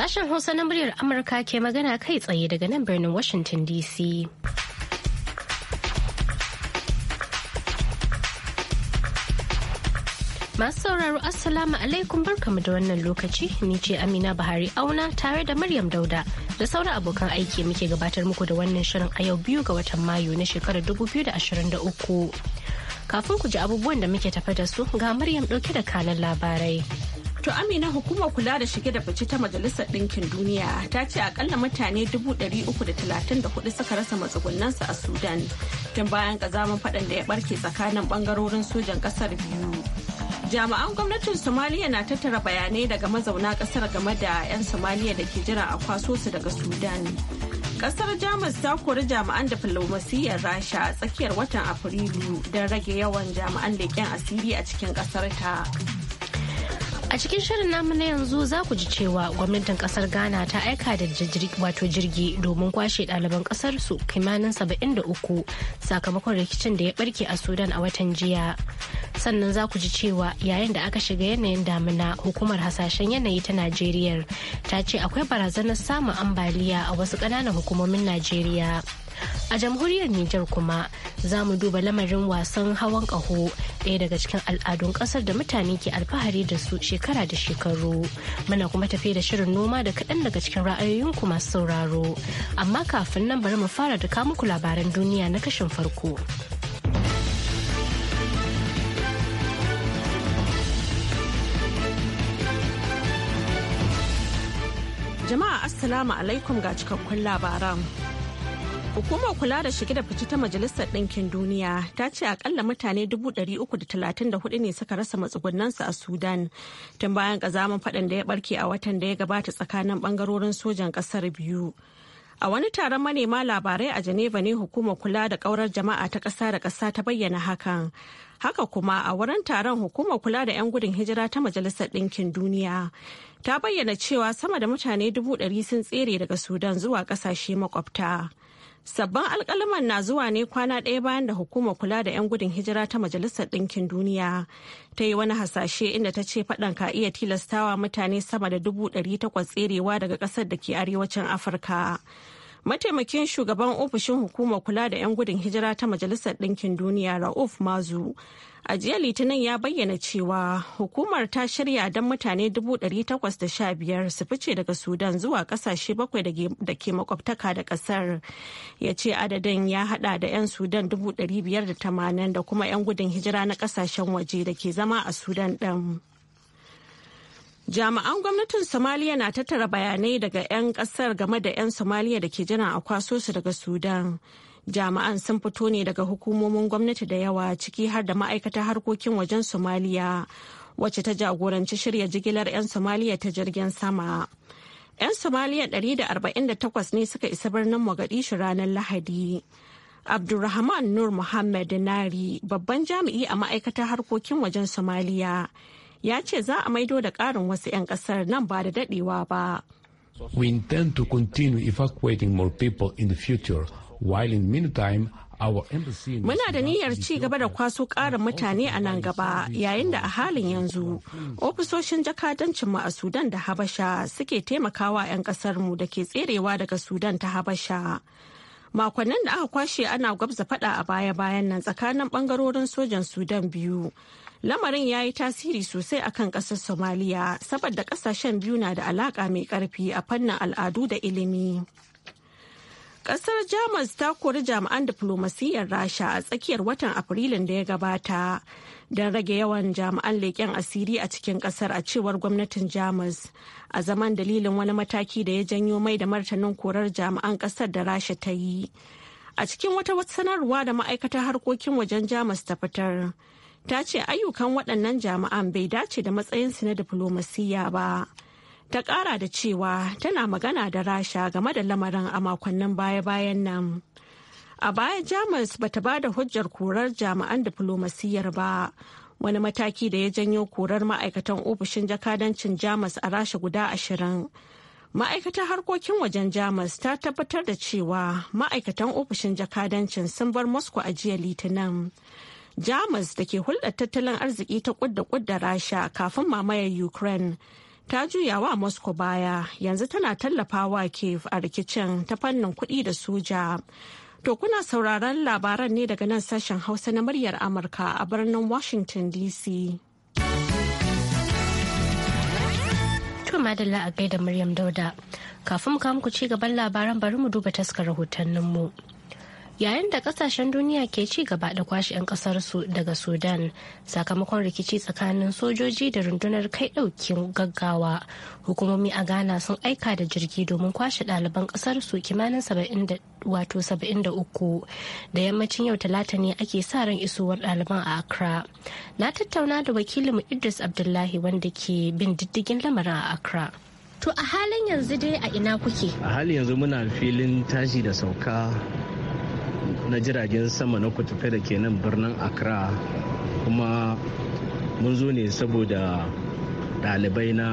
Sashen Hausa na muryar Amurka ke magana kai tsaye daga nan birnin Washington DC. Masu sauraro Assalamu alaikum barkamu da wannan lokaci ni ce Amina Buhari auna tare da Maryam Dauda da sauran abokan aiki muke gabatar muku da wannan shirin a yau biyu ga watan Mayu na shekarar 2023. Kafin ku ji abubuwan da muke tafa da su ga Maryam ɗauke da kanan labarai. To Amina hukumar kula da shige da fice ta Majalisar Ɗinkin Duniya ta ce akalla mutane 334 suka rasa matsugunansu a Sudan tun bayan kazamin faɗan da ya barke tsakanin ɓangarorin sojan ƙasar biyu. Jami'an gwamnatin Somaliya na tattara bayanai daga mazauna ƙasar game da 'yan Somaliya da ke jira a kwaso su daga Sudan. Ƙasar Jamus ta kori jami'an da filomasiyyar Rasha a tsakiyar watan Afrilu don rage yawan jami'an leƙen asiri a cikin ƙasar ta. A cikin shirin namu na yanzu za ku ji cewa gwamnatin kasar Ghana ta aika da wato jirgi domin kwashe ɗaliban kasar su kimanin 73 sakamakon rikicin da ya barke a Sudan a watan jiya. sannan za ku ji cewa yayin da aka shiga yanayin damina hukumar hasashen yanayi ta najeriya ta ce akwai barazanar samun ambaliya a wasu ƙananan hukumomin najeriya a jamhuriyar nijar kuma za mu duba lamarin wasan hawan ƙaho ɗaya daga cikin al'adun ƙasar da mutane ke alfahari da su shekara da shekaru muna kuma tafi da shirin noma da kaɗan daga cikin ra'ayoyin kuma sauraro amma kafin nan bari mu fara da kamuku labaran duniya na kashin farko. Jama'a Assalamu alaikum ga cikakkun labaran. Hukumar kula da shige da fice ta Majalisar Ɗinkin Duniya ta ce akalla mutane 334 ne suka rasa matsugunansu a Sudan tun bayan kazaman faɗan da ya barke a watan da ya gabata tsakanin ɓangarorin sojan ƙasar biyu. A wani taron manema labarai a Geneva ne hukumar kula da ƙaurar jama'a ta ƙasa da ƙasa ta bayyana hakan. Haka kuma a wurin taron hukumar kula da 'yan gudun hijira ta Majalisar Ɗinkin Duniya ta bayyana cewa sama da mutane dubu ɗari sun tsere daga sudan zuwa ƙasashe makwabta sabbin alkaliman na zuwa ne kwana ɗaya bayan da hukumar kula da 'yan gudun hijira ta majalisar ɗinkin duniya ta yi wani hasashe inda ta ce faɗan ka iya tilastawa mutane sama da dubu ɗari takwas tserewa daga ƙasar da ke arewacin afirka mataimakin shugaban ofishin hukumar kula da 'yan gudun hijira ta majalisar ɗinkin duniya rauf mazu a jiya litinin ya bayyana cewa hukumar ta shirya don mutane 815 su fice daga sudan zuwa kasashe bakwai da ke makwabtaka da kasar ya ce adadin ya hada da 'yan sudan 580 da kuma 'yan gudun hijira na kasashen waje da ke zama a sudan din. Jami'an gwamnatin Somaliya na tattara bayanai daga 'yan kasar game da 'yan Somaliya da ke jiran a kwaso su daga Sudan. jami'an sun fito ne daga hukumomin gwamnati da yawa ciki har da ma'aikatar harkokin wajen somaliya wacce ta jagoranci shirya jigilar 'yan somaliya ta jirgin sama 'yan somaliya 148 ne suka isa birnin mogadishu ranar lahadi abdulrahman nur muhammad nari babban jami'i a ma'aikatar harkokin wajen somaliya ya ce za a maido da ƙarin wasu 'yan kasar nan ba da dadewa ba We intend to continue evacuating more people in the future while in meantime Muna da niyyar ci gaba da kwaso ƙarin mutane a nan gaba yayin da a halin yanzu ofisoshin jakadancinmu a Sudan da Habasha suke taimakawa 'yan ƙasarmu da ke tserewa daga Sudan ta Habasha. Makonnin da aka kwashe ana gwabza fada a baya-bayan nan tsakanin bangarorin sojan Sudan biyu. Lamarin ya yi tasiri sosai akan ƙasar Somaliya saboda ƙasashen biyu na da alaƙa mai ƙarfi a fannin al'adu da ilimi. Kasar Jamus ta kori jami'an diflomasiyyar Rasha a tsakiyar watan Afrilun da ya gabata don rage yawan jami'an leƙen asiri a cikin ƙasar a cewar gwamnatin Jamus a zaman dalilin wani mataki da ya janyo mai da martanin korar jami'an ƙasar da Rasha ta yi. A cikin wata sanarwa da ma'aikatar harkokin wajen Jamus ta fitar, ta ce ayyukan waɗannan jami'an bai dace da matsayinsu na diflomasiyya ba. ta kara da cewa tana magana da rasha game da lamarin a makonnin baya-bayan nan a baya jamus ba ta ba da hujjar korar jami'an diflomasiyyar ba wani mataki da ya janyo korar ma'aikatan ofishin jakadancin jamus a rasha guda ashirin ma'aikatar harkokin wajen jamus ta tabbatar da cewa ma'aikatan ofishin jakadancin sun bar moscow a jiya litinin jamus da ke hulɗar tattalin arziki ta kudda kudda rasha kafin mamayar ukraine ta juya wa Moscow baya yanzu tana tallafawa Kiev a rikicin ta fannin kuɗi da soja. To kuna sauraron labaran ne daga nan sashen Hausa na muryar Amurka a birnin Washington DC. To madalla a gaida Maryam Dauda. Kafin mu kawo muku ci gaban labaran bari mu duba taskar rahotanninmu. mu. yayin da kasashen duniya ke ci gaba da kwashe 'yan kasarsu daga sudan sakamakon rikici tsakanin sojoji da rundunar kai daukin gaggawa hukumomi a ghana sun aika da jirgi domin kwashe ɗaliban kasarsu kimanin 73 da yammacin yau talata ne ake sa ran isowar ɗaliban a accra na tattauna da wakilin idris abdullahi wanda ke bin diddigin lamarin a accra to a halin yanzu dai a ina kuke a halin yanzu muna filin tashi da sauka na jiragen sama na kutufe da ke nan birnin accra kuma mun zo ne saboda dalibai na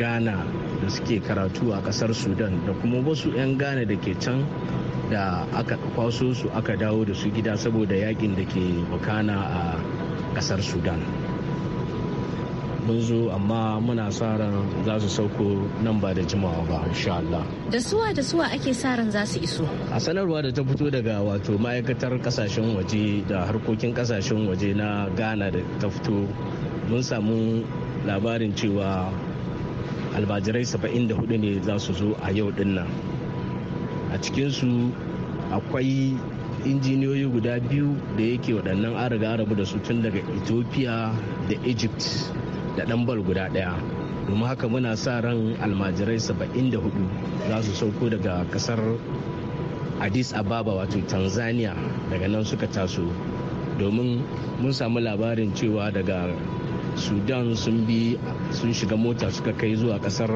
ghana da suke karatu a kasar sudan da kuma wasu 'yan ghana da ke can da aka kwaso su aka dawo da su gida saboda yakin da ke bukana a kasar sudan mun zo amma muna sa ran za su sauko nan ba da jimawa ba insha Allah. Da suwa da suwa ake sa ran za su iso. A sanarwa da ta fito daga wato ma'aikatar kasashen waje da harkokin kasashen waje na Ghana da ta fito mun samu labarin cewa almajirai 74 ne za su zo a yau din nan a cikinsu akwai injiniyoyi guda biyu da yake waɗannan an riga da su tun daga ethiopia da egypt da ɗan bal guda ɗaya domin haka muna sa ran almajirai 74 za su sauko daga kasar addis ababa wato tanzania daga nan suka taso domin mun samu labarin cewa daga sudan sun bi sun shiga mota suka kai zuwa kasar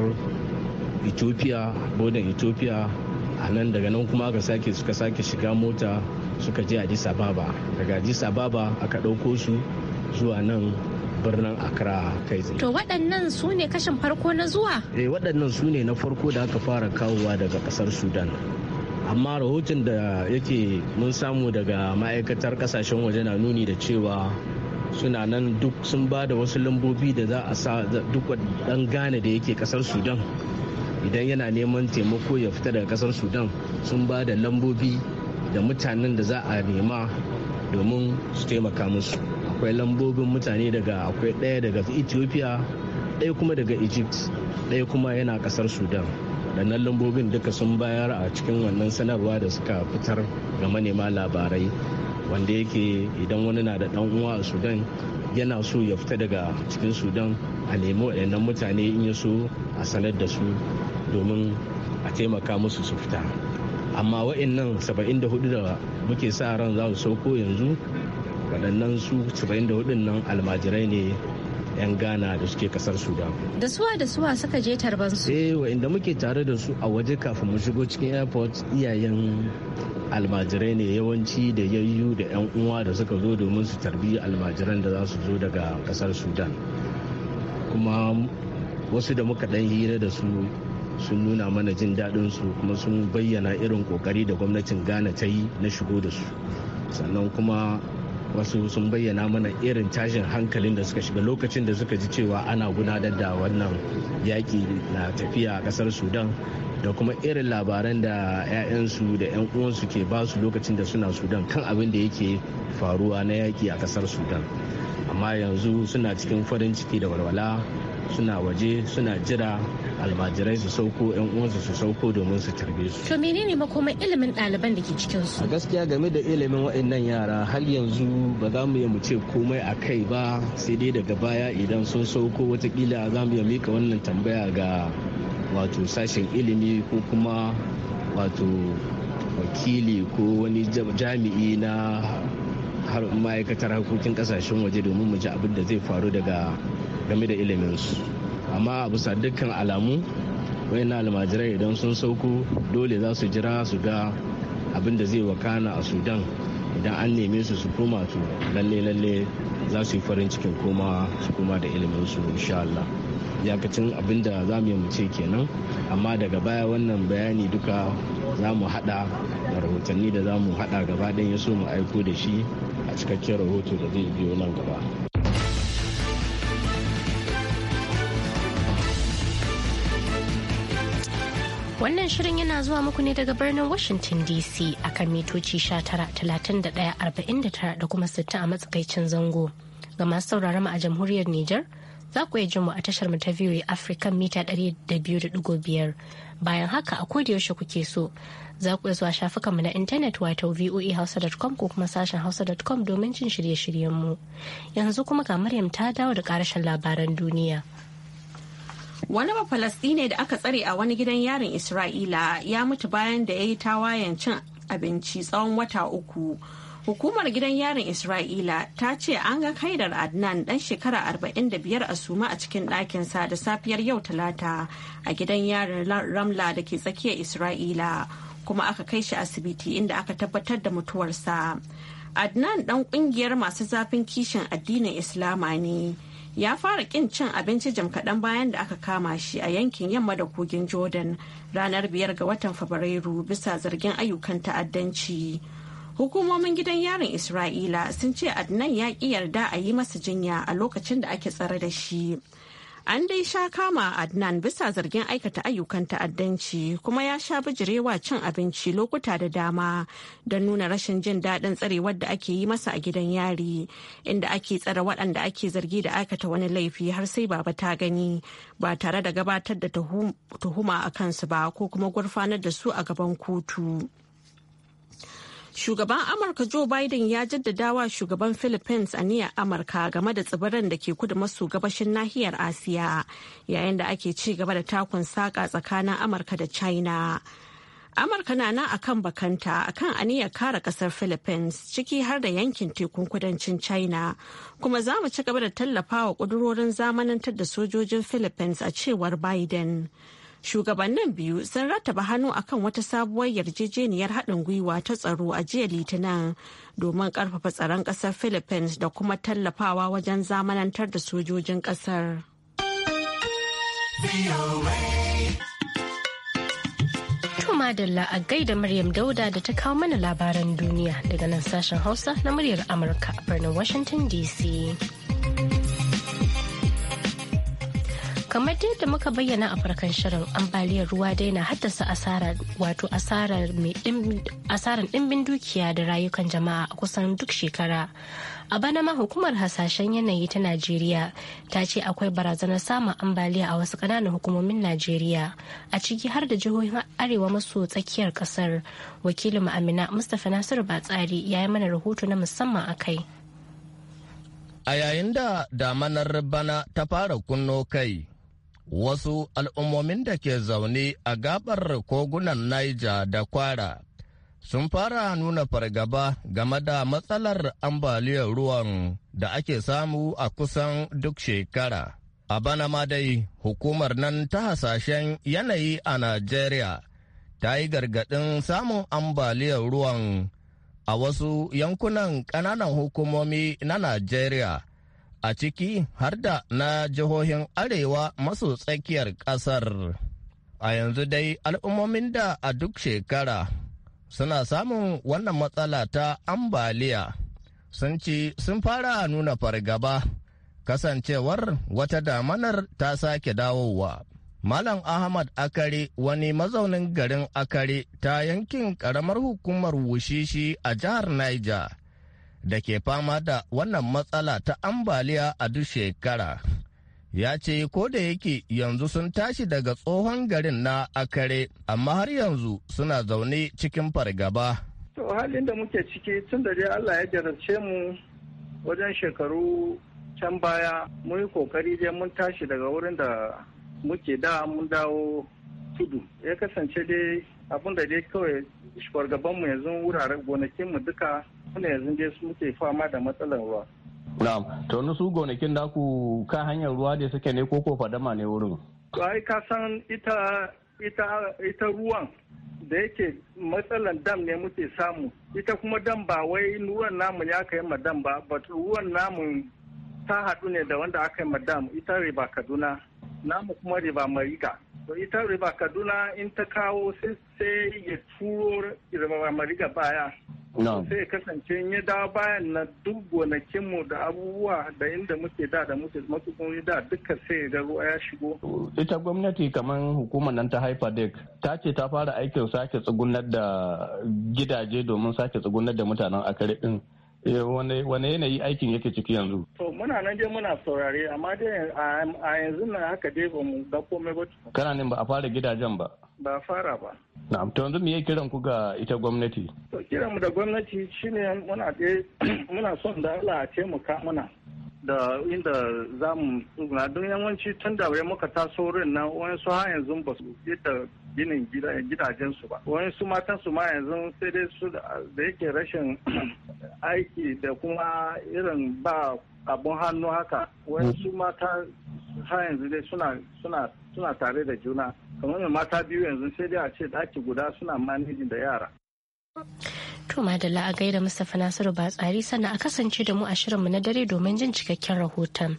ethiopia bodan ethiopia a nan daga nan kuma aka sake suka sake shiga mota suka je addis ababa daga addis ababa aka ɗauko su zuwa nan birnin accra kai tsaye to waɗannan su ne kashin farko na zuwa eh waɗannan su ne na farko da aka fara kawowa daga ƙasar sudan amma rahoton da yake mun samu daga ma'aikatar ƙasashen waje na nuni da cewa suna nan duk sun ba da wasu lambobi da za a sa duk ɗan gane da yake kasar sudan idan yana neman taimako ya fita daga ƙasar sudan sun ba da lambobi da mutanen da za a nema domin su taimaka musu akwai lambobin mutane daga akwai ɗaya daga ethiopia ɗaya kuma daga egypt ɗaya kuma yana kasar sudan waɗannan lambobin duka sun bayar a cikin wannan sanarwa da suka fitar ga manema labarai wanda yake idan wani na da ɗan uwa a sudan yana so ya fita daga cikin sudan a nemi waɗannan mutane in ya so a sanar da su domin a taimaka musu su fita amma wa'annan 74 da muke sa ran za su sauko yanzu waɗannan su 74 nan almajirai ne 'yan ghana da suke kasar sudan da suwa da suwa suka je tarban su eh inda muke tare da su a waje kafin mu shigo cikin airport iyayen almajirai ne yawanci da yayyu da 'yan uwa da suka zo domin su tarbi almajiran da za su zo daga kasar sudan kuma wasu da muka dan hira da su sun nuna mana jin daɗin su kuma sun bayyana irin kokari da gwamnatin ghana ta yi na shigo da su sannan kuma wasu sun bayyana mana irin tashin hankalin da suka shiga lokacin da suka ji cewa ana gudanar da wannan yaƙi na tafiya a ƙasar sudan da kuma irin labaran da 'ya'yansu da 'yan uwansu ke ba su lokacin da suna sudan kan abin da yake faruwa na yaƙi a ƙasar sudan amma yanzu suna cikin farin ciki da walwala suna waje suna jira almajirai su sauko yan uwansu su sauko domin su tarbe su to menene makoman ilimin ɗaliban da ke cikin su gaskiya game da ilimin waɗannan yara har yanzu ba za mu yi mu ce komai a kai ba sai dai daga baya idan sun sauko watakila za mu iya mika wannan tambaya ga wato sashen ilimi ko kuma wato wakili ko wani jami'i na har ma'aikatar harkokin kasashen waje domin mu ji abin da zai faru daga game da iliminsu amma a bisa dukkan alamu na almajirai idan sun sauko dole za su jira su ga abin da zai wakana a sudan idan an neme su su koma to lalle lalle za su yi farin cikin koma su koma da iliminsu insha Allah yakacin abin da za mu yi mu ce kenan amma daga baya wannan bayani duka za mu hada da rahotanni da za mu hada gaba don ya so mu aiko da shi a cikakken rahoto da zai biyo nan gaba Wannan shirin yana zuwa muku ne daga birnin Washington DC akan mitoci talatin da kuma 60 a matsakaicin zango. Ga masu sauraron mu a jamhuriyar Nijar, za ku iya jin mu a tashar mu ta VOA Africa mita 200.5. Bayan haka a koda yaushe kuke so, za ku iya zuwa shafukan mu na intanet wato voahausa.com ko kuma sashen hausa.com domin jin shirye-shiryen mu. Yanzu kuma ga Maryam ta dawo da karashin labaran duniya. Wani Bafalastine da aka tsare a wani gidan yarin Isra'ila ya mutu bayan da ya yi tawayen cin abinci tsawon wata uku. Hukumar gidan yarin Isra'ila ta ce an ga kaidar Adnan dan shekara 45 a suma a cikin ɗakinsa da safiyar yau talata a gidan yarin Ramla da ke tsakiyar Isra'ila kuma aka kai shi asibiti inda aka tabbatar da mutuwarsa. Adnan dan kungiyar masu zafin kishin addinin Islama ne. ya fara kin cin abinci jim kaɗan bayan da aka kama shi a yankin yamma da kogin jordan ranar biyar ga watan fabrairu bisa zargin ayyukan ta'addanci hukumomin gidan yarin isra'ila sun ce adnan ya ƙi yarda a yi masa jinya a lokacin da ake tsare da shi An dai sha kama Adnan bisa zargin aikata ayyukan ta'addanci kuma ya sha bijirewa cin abinci lokuta da dama don nuna rashin jin daɗin tsarewar da ake yi masa a gidan yari inda ake tsare waɗanda ake zargi da aikata wani laifi har sai baba ta gani ba tare da gabatar da tuhuma a kansu ba ko kuma gurfanar da su a gaban kotu. Shugaban Amurka Joe Biden ya jaddada wa shugaban Philippines a niyyar Amurka game da tsibiran da ke kudu maso gabashin nahiyar Asiya yayin da ake ci gaba da takun saƙa tsakanin Amurka da China. Amurka na nan akan bakanta akan aniyar kara kasar Philippines ciki har da yankin tekun kudancin China kuma za mu ci gaba da tallafa wa kudurorin zamanantar da sojojin Philippines a cewar Biden. Shugabannin biyu sun rattaba hannu akan wata sabuwar yarjejeniyar haɗin gwiwa ta tsaro a jiya Litinin domin ƙarfafa tsaron ƙasar Philippines da kuma tallafawa wajen zamanantar da sojojin ƙasar. Madalla a gaida Maryam Dauda da ta kawo mana labaran duniya daga nan sashen Hausa na muryar Amurka a birnin Washington DC. kamar yadda muka bayyana a farkon shirin ambaliyar ruwa dai na haddasa asara wato asarar dimbin dukiya da rayukan jama'a a kusan duk shekara a bana ma hukumar hasashen yanayi ta najeriya ta ce akwai barazanar samun ambaliya a wasu kananan hukumomin najeriya a ciki har da jihohin arewa maso tsakiyar kasar wakilin amina mustapha nasiru batsari ya yi mana rahoto na musamman a kai a yayin da damanar bana ta fara kunno kai wasu al'ummomin da ke zaune a gabar kogunan Niger da Kwara sun fara nuna fargaba game da matsalar ambaliyar ruwan da ake samu a kusan duk shekara. A bana ma dai hukumar nan ta hasashen yanayi a Najeriya ta yi gargaɗin samun ambaliyar ruwan a wasu yankunan ƙananan hukumomi na Najeriya. a ciki har da na jihohin arewa maso tsakiyar ƙasar. A yanzu dai al'ummomin da a duk shekara suna samun wannan matsala ta ambaliya sun ci sun fara nuna fargaba kasancewar wata damanar ta sake dawowa. Malam Ahmad Akare wani mazaunin garin Akare ta yankin ƙaramar hukumar Wushishi a jihar Niger. da ke fama da wannan matsala ta ambaliya a duk shekara. Ya ce ko da yake yanzu sun tashi daga tsohon garin na akare, amma har yanzu suna zaune cikin fargaba. To halin da muke ciki tun da dai Allah ya jarabce mu wajen shekaru can baya mun yi kokari dai mun tashi daga wurin da muke da mun dawo tudu ya kasance dai abin da dai kawai shugabanmu yanzu wuraren gonakinmu duka suna yanzu dai su muke fama da matsalar ruwa. Na'am, to ni su gonakin naku kan hanyar ruwa da suke ne ko fadama ne wurin? Ai ka san ita ita ita ruwan da yake matsalan dam ne muke samu ita kuma dam ba wai ruwan namu ya kai ma dam ba but ruwan namu ta haɗu ne da wanda aka yi ma dam ita riba kaduna namu kuma riba mariga to ita riba kaduna in ta kawo sai ya turo riba mariga baya sai ya kasance ya dawo bayan na duk gonakinmu da abubuwa da inda muke da da muke matsugunni da duka sai ya ruwa ya shigo. ita gwamnati kamar hukumar nan ta haifa dek ta ce ta fara aikin sake tsugunar da gidaje domin sake tsugunar da mutanen akare din Eh, wane yanayi aikin yake ciki yanzu? To muna nan dai muna saurare amma dai a yanzu na haka dai ba mu ga komai ba. Kana nan ba a fara gidajen ba? Ba fara ba. Na'am to yanzu me ya kiran ku ga ita gwamnati? To kiran mu da gwamnati shine muna dai muna son da Allah a taimaka muna da inda za mu tsuguna don yawanci tun da muka taso wurin nan wani su har yanzu ba su yadda ginin gidajensu ba wani su matan su ma yanzu sai dai su da yake rashin aiki da kuma irin ba abun hannu haka wani su mata har yanzu dai suna suna suna tare da juna kamar mata biyu yanzu sai dai a ce daki guda suna manajin da yara To madalla a gaida Mustapha Nasiru Batsari sannan a kasance da mu a shirinmu na dare domin jin cikakken rahoton.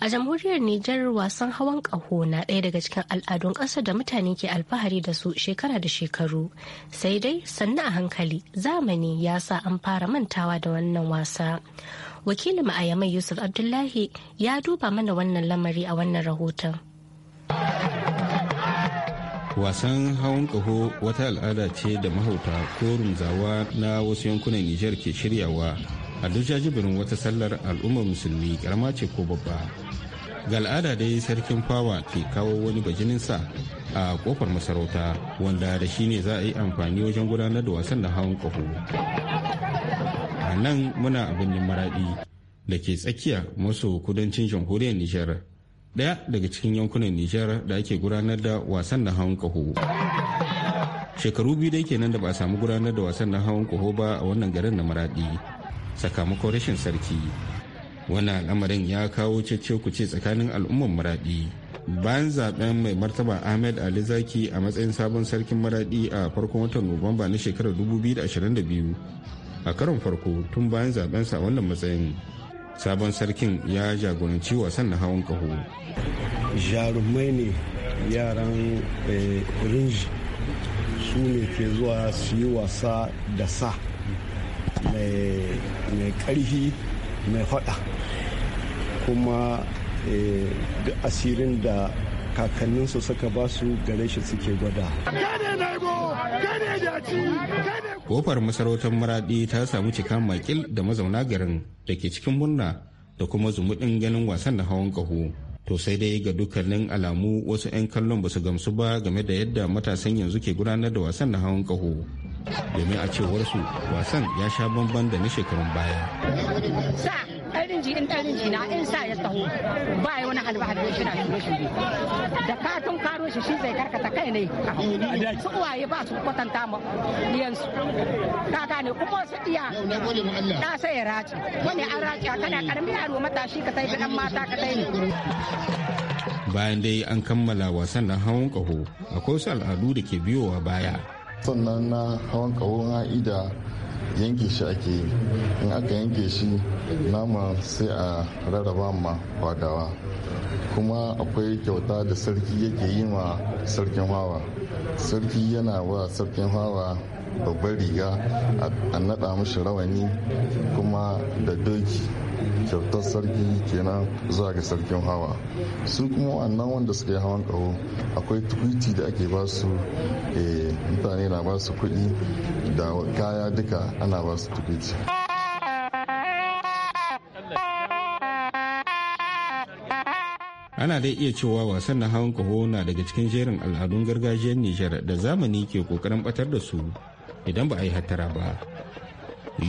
A jamhuriyar Nijar wasan hawan ƙaho na ɗaya daga cikin al'adun ƙasa da mutane ke alfahari da su shekara da shekaru. Sai dai sannu a hankali zamani ya sa an fara mantawa da wannan wasa. Wakilin ma'ayamai Yusuf Abdullahi ya duba mana wannan lamari a wannan rahoton. wasan hawan kaho wata al'ada ce da mahauta ko rumzawa na wasu yankunan nijar ke shiryawa a duk jajibirin wata sallar al'ummar musulmi karama ce ko babba ga al'ada dai sarkin fawa ke kawo wani bajinin sa a kofar masarauta wanda da shi ne za a yi amfani wajen gudanar da wasan da hawan kaho a nan muna abin maraɗi da ke tsakiya maso kudancin jamhuriyar nijar daya daga cikin yankunan nijar da ake gudanar da wasan na hawan kaho shekaru biyu da kenan da ba a samu gudanar da wasan na hawan kaho ba a wannan garin na maradi sakamakon rashin sarki wannan al'amarin ya kawo cece ce tsakanin al'umman maradi bayan zaben mai martaba ahmed ali zaki a matsayin sabon sarkin maradi a farkon watan nuwamba na shekarar 2022 a karon farko tun bayan zaben sa wannan matsayin sabon sarkin ya jagoranci wasan na hawan kaho jarumai ne yaran eh, rinji su ne ke zuwa su yi wasa da sa mai karfi mai faɗa kuma eh, asirin da kakanninsu suka ba su gare shi suke gwada. Kofar masarautar maraɗi ta samu cika makil da mazauna garin da ke cikin murna da kuma zumuɗin ganin wasan na hawan kaho. To sai dai ga dukkanin alamu wasu 'yan kallon ba su gamsu ba game da yadda matasan yanzu ke gudanar da wasan na hawan kaho. Domin a cewar su wasan ya sha bamban da na shekarun baya. Sa, ɗarin ji ɗarin in sa ya taho. albahar na shirye shirye da ka tun karo shi shi zai karkata kai ne su uwaye ba su kwatanta ma diyansu ka gane kuma su iya da sai ya race wani an race kana karamin yaro matashi ka tai da dan mata ka tai bayan dai an kammala wasan na hawan kaho akwai wasu al'adu da ke biyowa baya sannan na hawan kaho na ida yanke shi ake yi in aka yanke shi nama sai a rarraba ma fadawa kuma akwai kyauta da sarki yake yi ma sarkin hawa sarki yana wa sarkin hawa babbar riga a naɗa mashi rawani kuma da doki kyautar sarki kenan zuwa ga sarkin hawa su kuma wannan wanda suka yi hawan kaho akwai tukwiti da ake ba su eh, mutane na ba su kuɗi da kaya duka ana ba su tukwiti ana dai iya cewa wasan na hawan kaho na daga cikin jerin al'adun gargajiyar nijar da zamani ke kokarin batar da su idan ba a yi hattara ba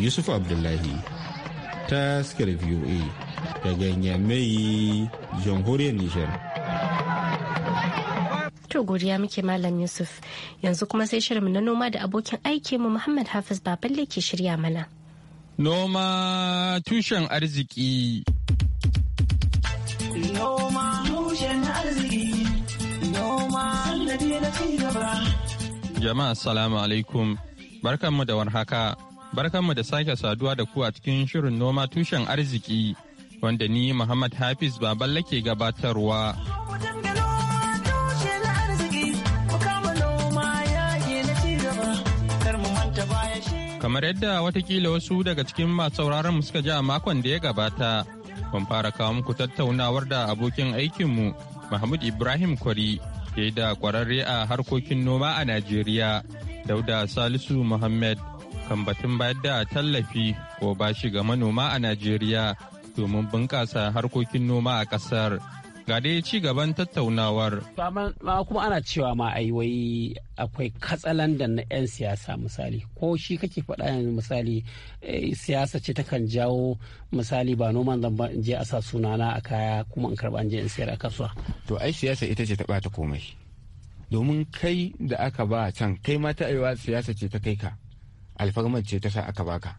yusuf abdullahi ta skir voa daga yamai jamhuriyar nijar to godiya muke malam yusuf yanzu kuma sai shirin na noma da abokin aiki mu muhammad hafiz baballe ke shirya mana noma tushen arziki noma tushen arziki noma na ci gaba jama'a salamu alaikum Barkanmu da warhaka, barkanmu da sake saduwa da ku a cikin shirin noma tushen arziki wanda ni Muhammad Hafiz Baballe ke gabatarwa. Kamar yadda watakila wasu daga cikin masu mu suka ji a makon da ya gabata, mun fara kawo muku tattaunawar da abokin aikinmu Mahmud Ibrahim Kwari, ke da kwararre a harkokin noma a Najeriya. Dauda Salisu Muhammad kan batun bayar da tallafi ko bashi ga manoma a Najeriya domin bunƙasa harkokin noma a ƙasar. Ga dai ci gaban tattaunawar. Ma kuma ana cewa ma aiwai wai akwai da na 'yan siyasa misali ko shi kake faɗa yanzu misali eh, siyasa ce takan jawo misali ba noman zan in je a sa sunana a kaya kuma in karɓa in je in sayar a kasuwa. To ai siyasa ita ce ta ɓata komai. domin kai da aka ba can kai ma ta aiwa siyasa ce ta kai ka alfarmar ce ta sa aka baka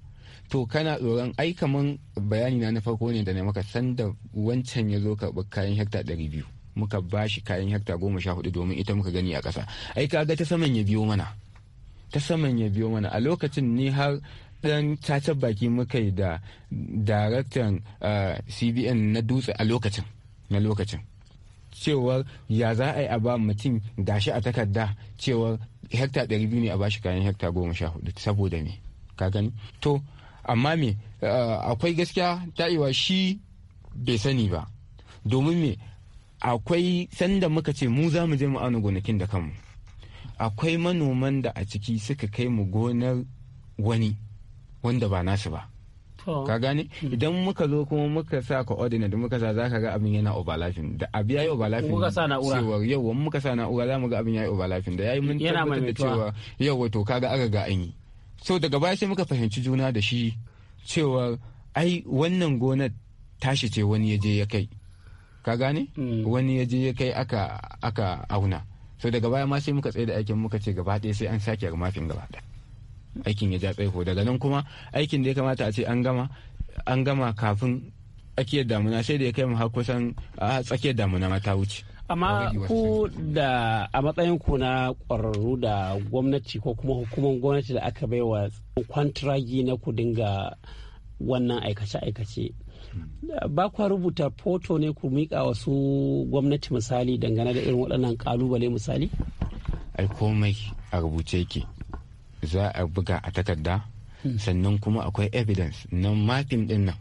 to kana tsoron ai kaman bayani na na farko ne da ne maka da wancan ya zo karɓar kayan hekta ɗari biyu muka ba shi kayan hekta goma sha hudu domin ita muka gani a ƙasa ai ga ta saman ya biyo mana ta saman ya biyo mana a lokacin ne har dan cacar baki muka yi da daraktan ah, cbn na dutse a lokacin na lokacin cewar ya za a yi a ba mutum gashi a takarda cewar hekta 200 ne a bashi kayan hekta 14 saboda me ka gani to amma me eh, akwai gaskiya ta'iwa shi bai sani ba domin me akwai sanda muka ce mu za mu je mu auna gonakin da kanmu akwai manoman da a ciki suka kai mu gonar wani wanda ba nasu ba ka gane mm. idan muka zo kuma muka sa da muka sa za ka ga abin yana overlapping da abu yayi overlapping muka sa na'ura cewa yawa muka sa na'ura za mu ga abin yayi overlapping da yayi mun tabbatar da cewa yau wato kaga aka ga anyi. so daga baya sai muka fahimci juna da shi cewa ai wannan gonar tashi ce wani ya je ya kai ka gane mm. wani ya je ya kai aka auna so daga baya ma sai muka tsaye da aikin muka ce gaba ɗaya sai an sake mafin gaba ɗaya aikin ya ja tsaiko daga nan kuma aikin da ya kamata a ce an gama an gama kafin tsakiyar damuna sai da ya kai mu har kusan tsakiyar damuna ma ta wuce amma ku da a matsayin ku na ƙwararru da gwamnati ko kuma hukumar gwamnati da aka baiwa kwantiragi na ku dinga wannan aikace-aikace ba kwa rubuta foto ne ku miƙa wasu gwamnati misali dangane da irin waɗannan ƙalubale misali ai komai a rubuce yake za a buga a takarda sannan kuma akwai evidence na mapping din nan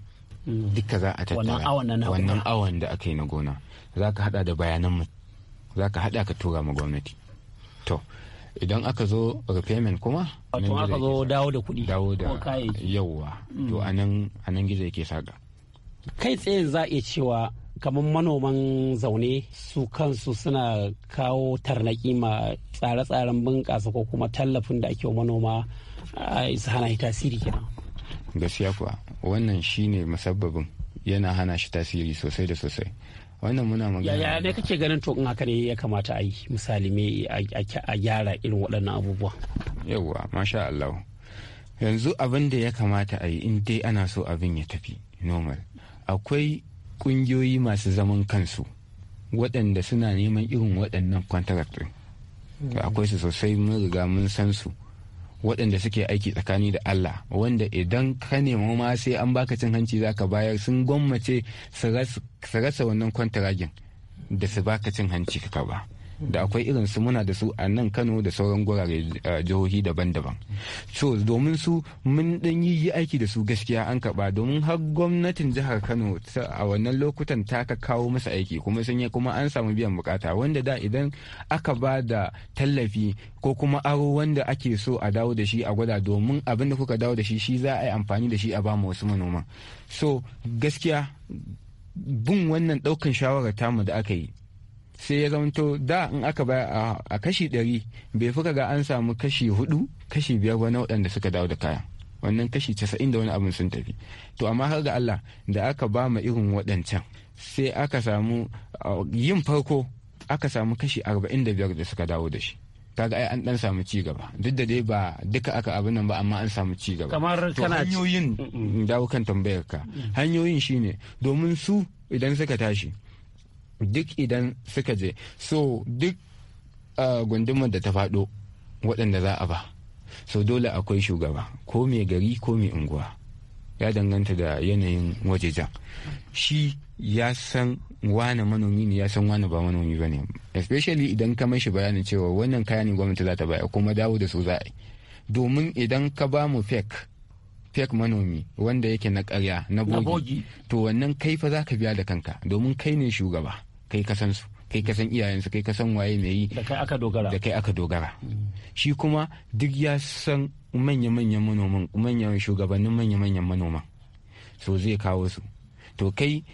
hmm. duka za a tattara wannan awon da aka yi na gona za ka hada da bayanan mu za ka hada ka tura ma gwamnati to idan aka zo repayment kuma wato aka zo dawo da kuɗi dawo da yauwa to hmm. anan anan gizo yake saga kai tsaye za a iya cewa kamar manoman zaune su kansu suna kawo tarnaki ma tsare-tsaren bunƙasa ko kuma tallafin da ake manoma manoma isa hana shi tasiri kenan gaskiya kuwa wannan shine musabbabin yana hana shi tasiri sosai da sosai wannan muna magana yaya ne kake ganin to in haka ne ya kamata a yi misali me a gyara irin waɗannan abubuwa yawwa masha Allah yanzu abin da ya kamata a yi in dai ana so abin ya tafi normal akwai ƙungiyoyi masu zaman kansu waɗanda suna neman irin waɗannan contract ɗin hmm. akwai su sosai mun riga mun san su waɗanda suke aiki tsakani da Allah wanda idan ka nemo ma sai an baka cin hanci zaka bayar sun gwammace su rasa wannan kwantaragin da su baka cin hanci ka ba. da akwai irin su muna da su a nan kano da sauran gurare jihohi daban-daban so domin su mun dan yi aiki da su gaskiya an kaba domin har gwamnatin jihar kano a wannan lokutan ta ka kawo masa aiki kuma sun kuma an samu biyan bukata wanda da idan aka ba da tallafi ko kuma aro wanda ake so a dawo da shi a gwada domin abin da kuka dawo da shi shi za a yi amfani da shi a ba wasu manoma so gaskiya bin wannan daukan shawara tamu da aka yi sai ya zamanto da in aka baya a kashi ɗari bai fi ga an samu kashi hudu kashi biyar ba na waɗanda suka dawo da kaya wannan kashi casa'in da wani abin sun tafi to amma har ga Allah da aka ba ma irin waɗancan sai aka samu yin farko aka samu kashi arba'in da biyar da suka dawo da shi kaga ai an dan samu ci gaba duk da dai ba duka aka abin nan ba amma an samu ci gaba kamar kana hanyoyin dawo kan tambayar ka hanyoyin shine domin su idan suka tashi duk idan suka je so duk gundumar da ta fado waɗanda za a ba so dole akwai shugaba ko mai gari ko mai unguwa ya danganta da yanayin wajejen shi ya san wane manomi ne ya san wane ba manomi ba ne especially idan ka mashi bayanin cewa wannan kaya ne gwamnati za ta baya kuma dawo da su za a yi domin idan ka ba mu fek fek manomi wanda yake na karya na bogi to wannan kai fa za ka biya da kanka domin kai ne shugaba kai ka san su kai ka san iyayensu kai ka san waye mai yi da kai aka dogara da kai aka dogara shi kuma duk ya san manya-manyan manoman manyan shugabannin manya-manyan manoman so zai kawo su to kai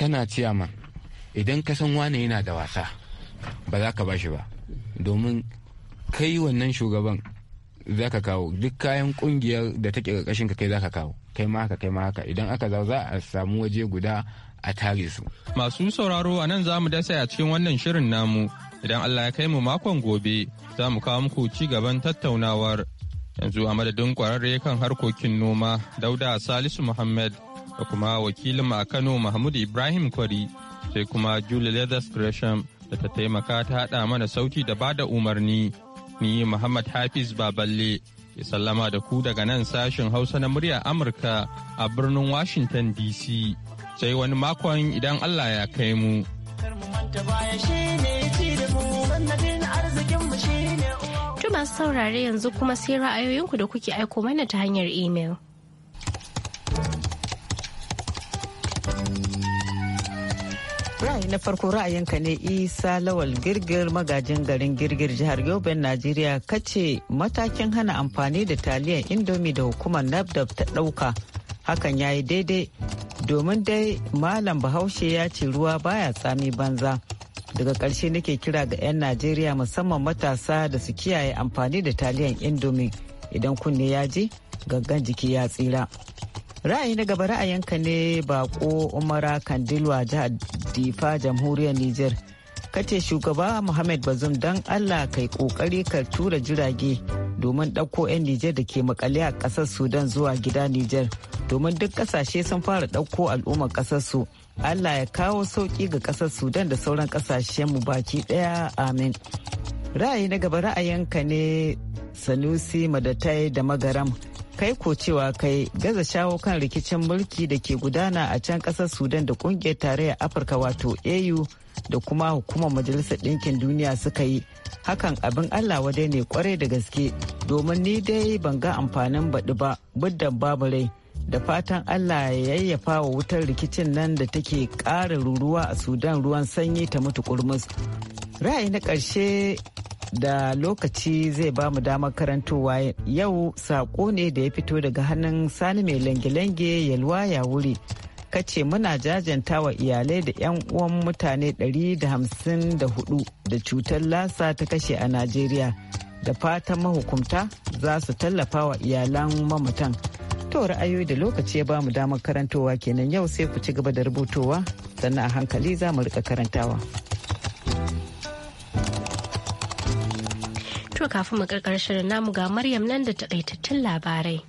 kana ciyama idan ka san wane yana da wasa ba za ka bashi ba domin kai wannan shugaban za ka kawo duk kayan kungiyar da take ƙarƙashin ka kai za ka kawo kai ma haka kai ma haka idan aka za a samu waje guda a tare su. Masu sauraro a nan za mu dasa a cikin wannan shirin namu idan Allah ya kai mu makon gobe za mu kawo muku ci gaban tattaunawar yanzu a madadin kwararre kan harkokin noma dauda salisu muhammad da kuma wakilin a kano mahmud ibrahim kwari sai kuma julie leathers gresham da ta taimaka ta haɗa mana sauti da bada umarni ni muhammad hafiz baballe ya sallama da ku daga nan sashin hausa na murya amurka a birnin washington dc sai wani makon idan Allah ya kai mu. Tuma saurare yanzu kuma sai ra'ayoyinku da kuke aiko mana ta hanyar imel. ra'ayi na farko ra'ayinka ne isa lawal girgir magajin garin girgir jihar yobe najeriya kace matakin hana amfani da taliyan indomie da hukumar nafdab ta dauka hakan ya yi daidai domin dai malam bahaushe ya ce ruwa baya tsami banza daga ƙarshe nake kira ga 'yan najeriya musamman matasa da su kiyaye amfani da taliyan indomi idan kunne ya ji gangan jiki ya tsira ra'ayi na gaba ra'ayinka ne bako umara kandilwa jihar difa jamhuriyar niger kace shugaba muhammad bazum don allah kai kokari ka tura jirage domin ɗauko 'yan Nijar da ke makale a ƙasar Sudan zuwa gida Nijar domin duk ƙasashe sun fara ɗauko al'ummar ƙasar su. Allah ya kawo sauƙi ga ƙasar Sudan da sauran ƙasashen mu baki ɗaya amin. Ra'ayi na gaba ra'ayinka ne Sanusi Madatai da Magaram. kai ko cewa kai gaza shawo kan rikicin mulki da ke gudana a can ƙasar sudan da ƙungiyar tarayyar afirka wato au da kuma hukumar majalisar ɗinkin duniya suka yi hakan abin allah wadai ne kwarai da gaske domin ni dai ban ga amfanin baɗi ba buddan babu rai da fatan allah ya yayyafa wa wutar rikicin nan da take ƙara ruruwa a sudan ruwan sanyi ta mutu kurmus ra'ayi na ƙarshe da lokaci zai ba mu damar karantowa yau saƙo ne da ya fito daga hannun sani mai lange-lange yalwa ya wuri kace muna jajanta wa iyalai da 'yan uwan mutane 154 da cutar lasa ta kashe a najeriya da fatan mahukunta za su tallafa wa iyalan mamatan to ra'ayoyi da lokaci ya bamu damar karantowa kenan yau sai ku ci gaba da rubutowa sannan a hankali za mu rika karantawa to kafin mu karkar shirin namu ga maryam nan da takaitattun labarai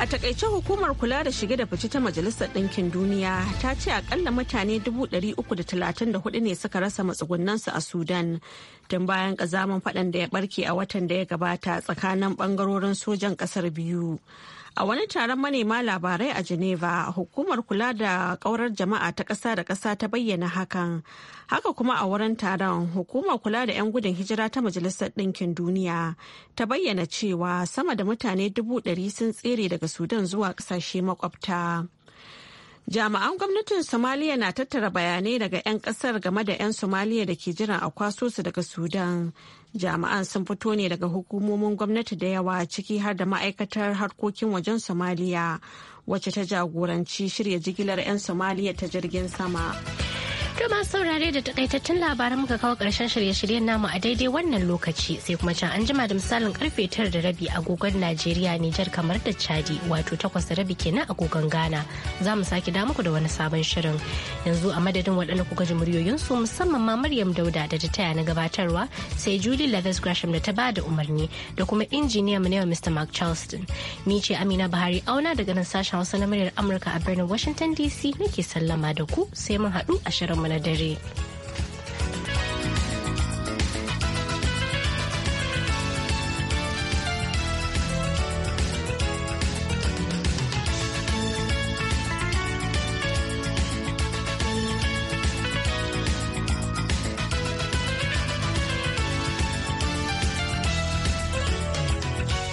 A takaice hukumar kula da shige da fice ta Majalisar Ɗinkin Duniya ta ce akalla mutane 334 ne suka rasa matsugunansu a Sudan tun bayan ƙazamin faɗan da ya barke a watan da ya gabata tsakanin ɓangarorin sojan ƙasar biyu. A wani taron manema labarai a Geneva, hukumar kula da kaurar jama'a ta ƙasa da ƙasa ta bayyana hakan. Haka kuma a wurin taron, hukumar kula da 'yan gudun hijira ta Majalisar Ɗinkin Duniya ta bayyana cewa sama da mutane dubu ɗari sun tsere daga Sudan zuwa ƙasashe makwabta. Jami'an gwamnatin Somaliya na tattara bayanai daga 'yan kasar game da 'yan Somaliya da ke jiran a kwaso su daga Sudan. Jami'an sun fito ne daga hukumomin gwamnati da yawa ciki har da ma'aikatar harkokin wajen Somaliya wacce ta jagoranci shirya jigilar 'yan Somaliya ta jirgin sama. Tuma saurare da takaitaccen labaran muka kawo karshen shirye-shiryen namu a daidai wannan lokaci sai kuma can an jima da misalin karfe tara da rabi agogon Najeriya Nijar kamar da Chadi wato takwas da rabi kenan agogon Ghana. Za mu sake da muku da wani sabon shirin. Yanzu a madadin waɗanda kuka ji muryoyinsu musamman ma Maryam Dauda da ta taya na gabatarwa sai Julie Leathers Gresham da ta ba da umarni da kuma injiniyan mu yau Mr. Mark Charleston. Ni ce Amina Bahari Auna daga nan sashen Hausa na muryar Amurka a birnin Washington DC nake sallama da ku sai mun haɗu a shirin mu. A dare.